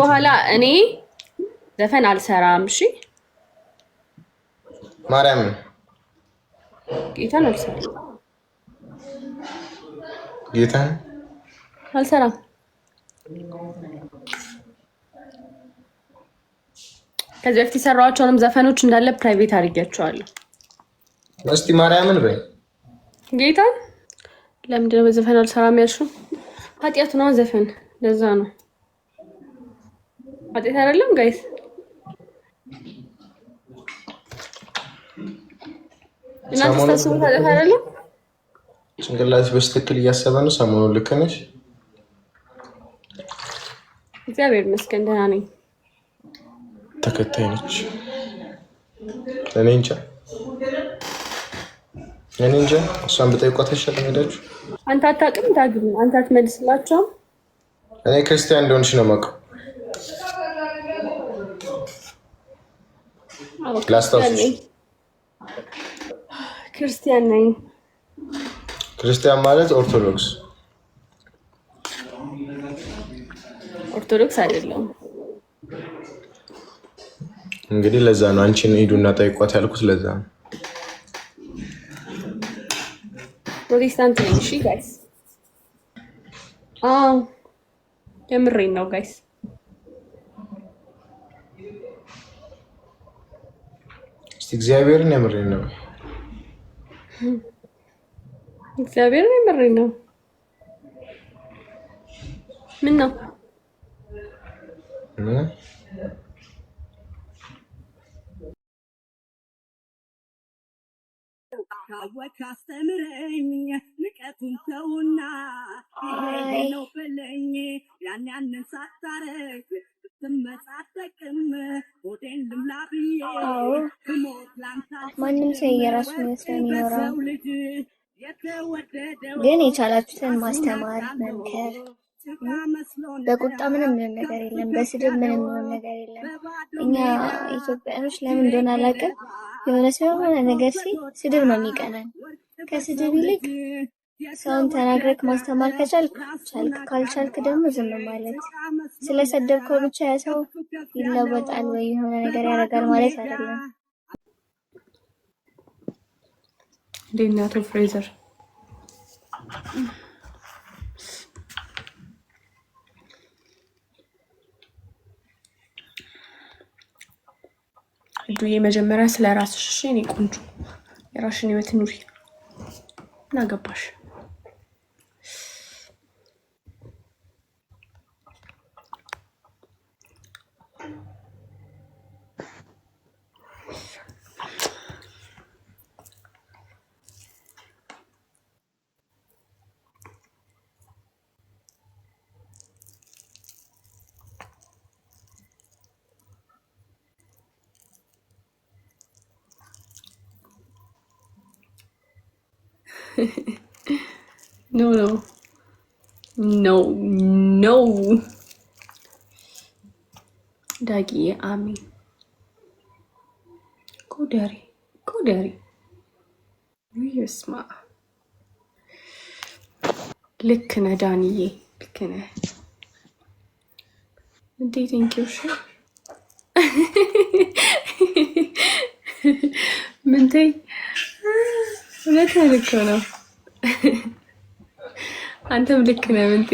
በኋላ እኔ ዘፈን አልሰራም። እሺ ማርያም ጌታን አልሰራም። ጌታን አልሰራም። ከዚህ በፊት የሰራኋቸውንም ዘፈኖች እንዳለ ፕራይቬት አድርጌያቸዋለሁ። እስቲ ማርያምን በይ። ጌታን ለምንድነው በዘፈን አልሰራም ያልሽው? ኃጢአቱ ነው ዘፈን ለዛ ነው አጤት አይደለም ጋይስ ጭንቅላት በስትክክል እያሰበ ነው። ሰሞኑን ልክ ነሽ። እግዚአብሔር ይመስገን ደህና ነኝ። ተከታይ ነች። እኔ እንጃ እኔ እንጃ። እሷን ብጠይቋት አይሻልም? ሄዳችሁ አንተ አታውቅም። ዳግም አንተ አትመልስላቸውም። እኔ ክርስቲያን እንደሆንሽ ነው የማውቀው ክርስቲያን ነኝ። ክርስቲያን ማለት ኦርቶዶክስ ኦርቶዶክስ አይደለም። እንግዲህ ለዛ ነው አንቺን ሂዱና ጠይቋት ያልኩት። ለዛ ነው ፕሮቴስታንት ነኝ። እሺ ጋይስ፣ የምሬን ነው ጋይስ እግዚአብሔርን የምሬን ነው። እግዚአብሔርን የምሬን ነው። ምን ነው አስተምረኝ ንቀቱን ነው በለኝ ያን ያንን ሳታረግ ማንም ሰው የራሱ መስለ ይኖራል። ግን የቻላችሁትን ማስተማር መምከር። በቁጣ ምንም ምንም ነገር የለም፣ በስድብ ምንም ምን ነገር የለም። እኛ ኢትዮጵያኖች ለምን እንደሆነ አላውቅም፣ የሆነ ሰው የሆነ ነገር ሲል ስድብ ነው የሚቀናን። ከስድብ ይልቅ ሰውን ተናግረክ ማስተማር ከቻልክ ቻልክ፣ ካልቻልክ ደግሞ ዝም ማለት። ስለሰደብከው ብቻ ያ ሰው ይለወጣል ወይ የሆነ ነገር ያደርጋል ማለት አይደለም። እንዴት ነው አቶ ፍሬዘር? ዱዬ መጀመሪያ ስለ ራስሽ እሺ፣ የኔ ቆንጆ የራስሽን ህይወት ኑሪ። ምን አገባሽ? No, no. No, no. ዳጊዬ አሜን። ጎደሪ ጎደሪ ይስማ። ልክ ነህ ዳንዬ፣ ልክ ነህ እንዴ። ቴንኪው እሺ። ምንቴ እውነት ልክ ነው። አንተም ልክ ነህ። ምንት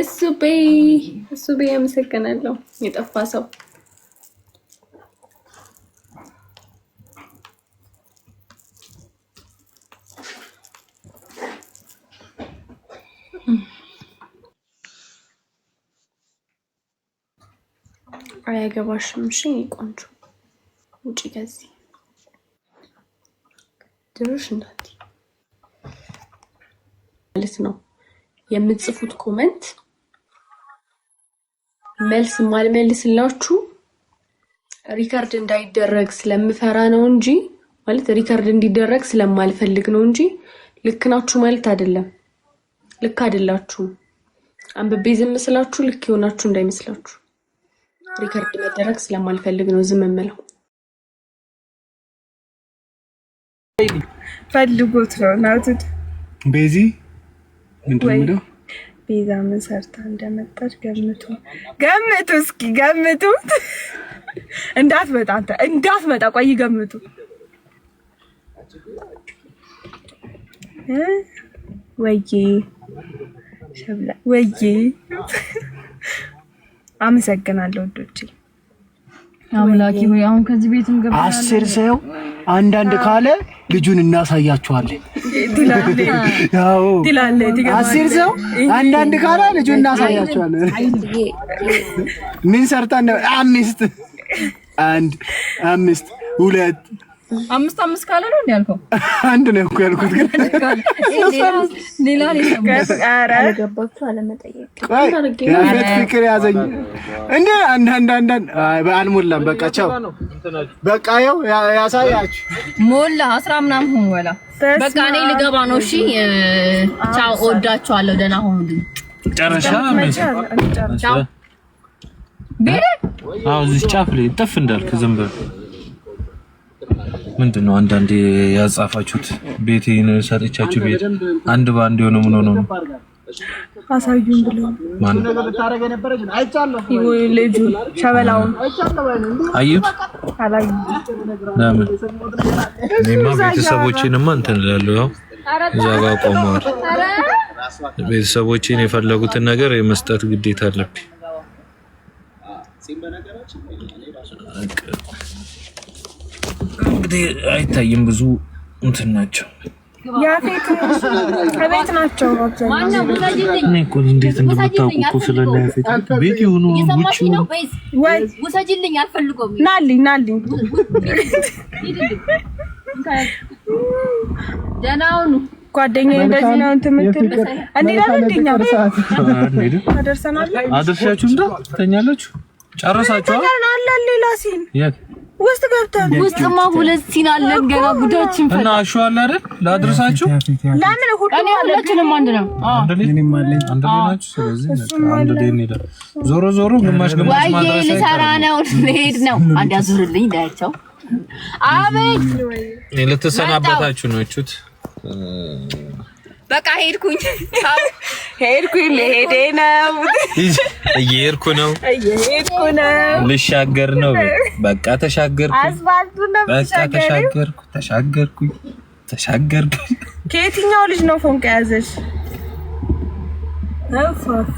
እሱ በይ እሱ በይ። አመሰግናለሁ የጠፋ ሰው አያገባሽም። እሺ ቆንጆ ውጪ ከዚህ ድርሽ እንዳት ማለት ነው የምትጽፉት ኮመንት መልስ ማልመልስላችሁ ሪከርድ እንዳይደረግ ስለምፈራ ነው እንጂ ማለት ሪከርድ እንዲደረግ ስለማልፈልግ ነው እንጂ ልክ ናችሁ ማለት አይደለም። ልክ አይደላችሁም። አንብቤ ዝም ስላችሁ ልክ የሆናችሁ እንዳይመስላችሁ ሪከርድ መደረግ ስለማልፈልግ ነው ዝም የምለው። ፈልጎት ነው ናቱድ ቤዚ ምንድን ቤዛ ምን ሰርታ እንደመጣች ገምቱ፣ ገምቱ፣ እስኪ ገምቱ። እንዳትመጣ አንተ እንዳትመጣ፣ ቆይ ገምቱ። ወዬ ሸብላ፣ ወዬ አመሰግናለሁ ውዶቼ። አምላኪ ሆይ አሁን ከዚህ ቤትም ገብ አስር ሰው አንዳንድ ካለ ልጁን እናሳያችኋለን። አስር ሰው አንዳንድ ካለ ልጁን እናሳያችኋለን። ምን ሰርታ አምስት አንድ አምስት ሁለት አምስት አምስት ካለ ነው እንዴ ያልከው? አንድ ነው እኮ ያልኩት፣ ግን ሌላ የቤት ፍቅር ያዘኝ እንደ አንድ አንድ አንድ አልሞላም። በቃ ቻው፣ በቃ ያው ያሳያችሁ ሞላ አስራ ምናምን ሆኖ ወላ በቃ እኔ ልገባ ነው። እሺ ቻው፣ ወዳችኋለሁ። ደህና ሆኑ። ጨረሻ ቤት አሁን እዚህ ጫፍ ላይ ጥፍ እንዳልክ ዝም ብለህ ምንድን ነው አንዳንዴ ያጻፋችሁት? ቤቴን ሰጥቻችሁ ቤት አንድ በአንድ የሆነ ምን ሆኖ ነው? አሳዩን ብሎ ማን ልጁ ሸበላውን ለምን እኔማ ቤተሰቦቼንማ እንትን እላለሁ። ያው እዛ ጋ ቆመዋል። ቤተሰቦቼን የፈለጉትን ነገር የመስጠት ግዴታ አለብኝ። እንግዲህ አይታይም። ብዙ እንትን ናቸው ያፌት ከቤት ናቸው። እንዴት እንደምታውቁ እኮ ስለና ያፌት ቤት የሆኑ ውጭ ውሰጅልኝ፣ አልፈልጎም። ናልኝ ናልኝ፣ ደህና ሁኑ። ጓደኛዬ እንደዚህ ነው እንትን የምትል እንዴት አደርሰናል። አደርሻችሁ እንዳ ተኛላችሁ። ጨረሳችኋል? ሌላ ሲን የት ውስጥ ገብተን ውስጥማ ሁለት ሲን አለን ገና ጉዳችን ፈላ እና አሹ አለ አይደል? ላድርሳችሁ። ለምን ሁለቱንም አንድ ነው። አንድ ላይ አንድ ላይ ናችሁ። ስለዚህ አንድ ላይ እንሄዳለን። ዞሮ ዞሮ ግማሽ ግማሽ ማለት ነው ወይ ልሰራ ነው፣ ልሄድ ነው። አንድ አዙርልኝ ዳያቸው አቤት ልትሰናበታችሁ ነው እቹት በቃ ሄድኩኝ ሄድኩኝ። ለሄዴ ነው እየሄድኩ ነው እየሄድኩ ነው። ልሻገር ነው። በቃ ተሻገርኩ። አስፋልቱ ነው። በቃ ተሻገርኩ ተሻገርኩኝ ተሻገርኩኝ። ከየትኛው ልጅ ነው ፎን ከያዘሽ?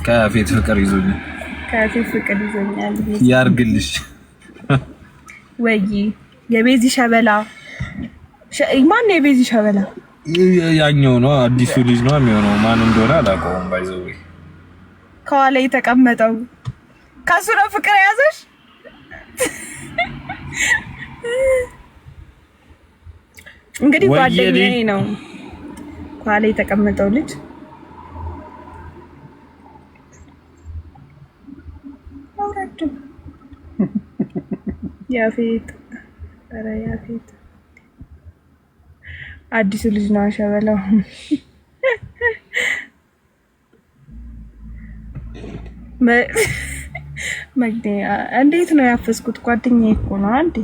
ከፊት ፍቅር ይዞኛል። ከፊት ፍቅር ይዞኛል። ያርግልሽ ወይ የቤዚ ሸበላ ማነው? የቤዚ ሸበላ ያኛው ነው አዲሱ ልጅ ነው የሚሆነው። ማን እንደሆነ አላውቀውም። ከኋላ የተቀመጠው ከሱ ነው ፍቅር የያዘሽ። እንግዲህ ጓደኛዬ ነው ከኋላ የተቀመጠው ልጅ። ያፌት ያፌት አዲሱ ልጅ ነው አሸበለው። መግዴ እንዴት ነው ያፈስኩት? ጓደኛዬ እኮ ነው አንዴ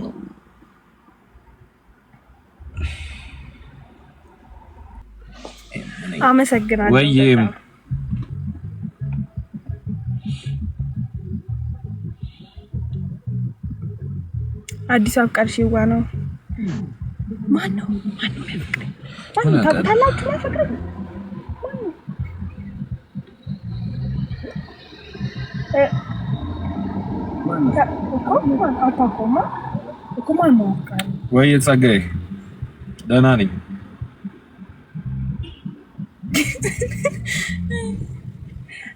አመሰግናለሁ። ወይም አዲስ አበባ ቀርሺዋ ነው። ማን ነው ማን ነው የሚያፈቅረኝ? ታውቁታላችሁ? የሚያፈቅረኝ ወይ ጸጋዬ፣ ደህና ነኝ።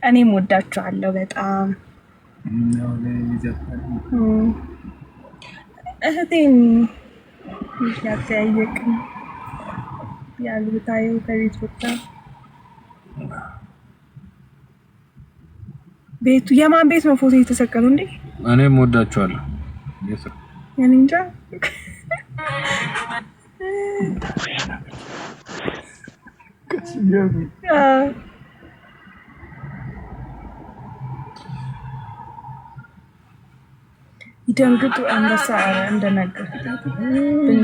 እኔም ወዳችኋለሁ በጣም እህቴን ያተያየቅን ያልብታየው ከቤት ወጣ። ቤቱ የማን ቤት ነው? ፎቶ የተሰቀሉ እንዴ? እኔም ወዳችኋለሁ። እኔ እንጃ ቀስ ደንግጡ አንበሳ እንደነገር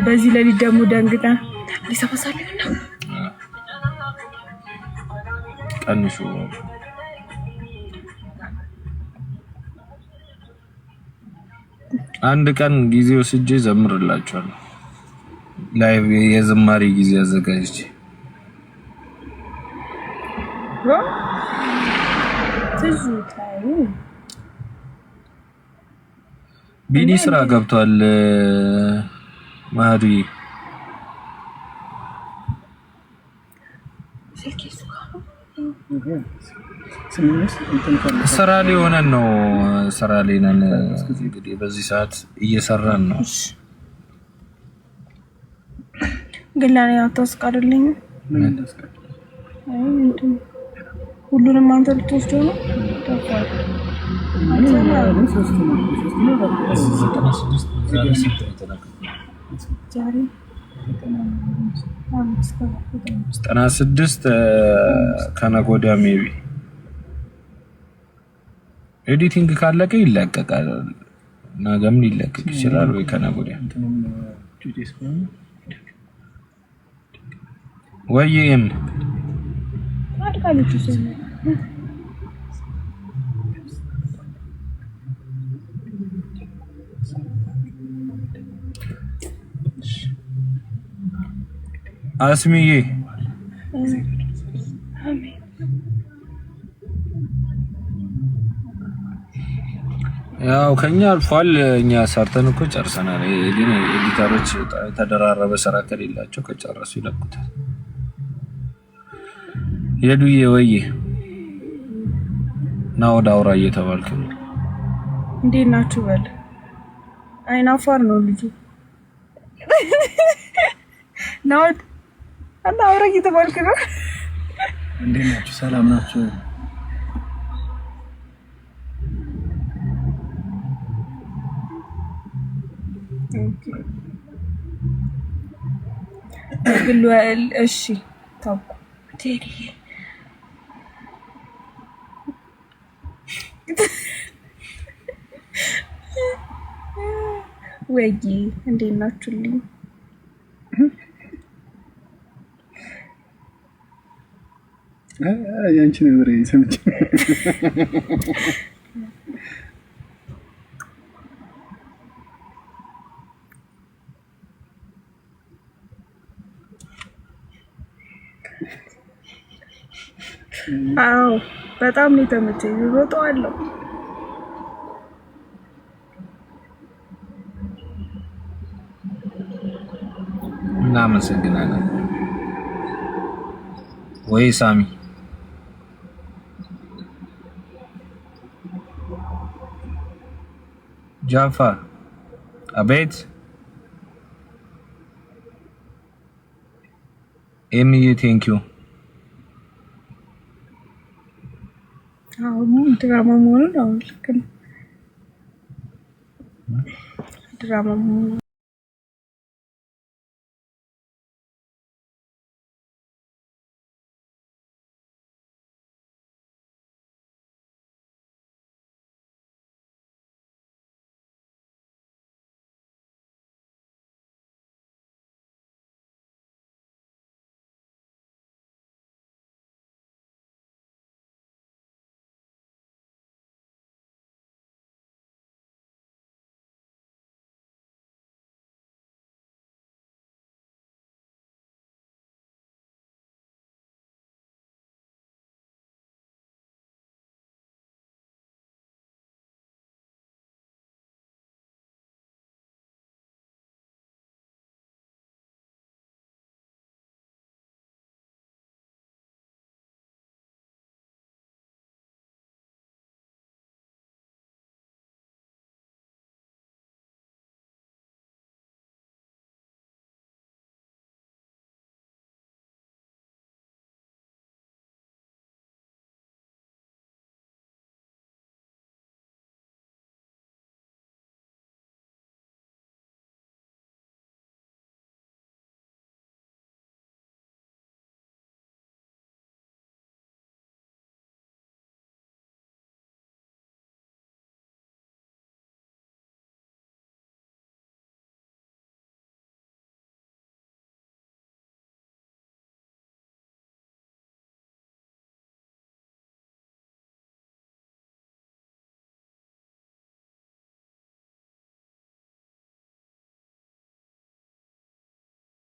በዚህ ለሊት ደግሞ ደንግጣ ሊሰበሳል ቀንሱ አንድ ቀን ጊዜ ወስጄ ዘምርላችኋለሁ። ላይቭ የዝማሪ ጊዜ አዘጋጅቼ ትዝ ቢኒ ስራ ገብቷል። ማህዱዬ ስራ ላይ ሆነን ነው። ስራ ላይ ነን። እንግዲህ በዚህ ሰዓት እየሰራን ነው። ግላ ላይ አታስቀርልኝ። ሁሉንም አንተ ልትወስደው ነው። ዘጠና ስድስት ከነጎዳ ሜቢ ኤዲቲንግ ካለቀ ይለቀቃል። ነገም ሊለቀቅ ይችላል ወይ ከነገ ወይም አስሚዬ ያው ከኛ አልፏል። እኛ ሰርተን እኮ ጨርሰናል። ግን ኤዲተሮች የተደራረበ ስራ ከሌላቸው ከጨረሱ ይለቁታል። የዱዬ ወይ ና ወደ አውራ እየተባልክ ነው። እንዴት ናችሁ በል። አይናፋር ነው ልጁ ናወድ እና አውራ እየተባልክ ነው። እንዴት ናችሁ? ሰላም ናችሁ? ብሏል። እሺ ታውቁ ቴሪ ወይ እንዴት ናችሁልኝ? ያንቺ ነበር ሰምቼ አዎ በጣም ነው የተመቸኝ። ሮጠዋለሁ። እናመሰግናለን ወይ ሳሚ ጃፋ አቤት ኤምዬ ቴንኪዩ። አሁን ድራማ መሆኑን አሁን ልክ ነው ድራማ መሆኑን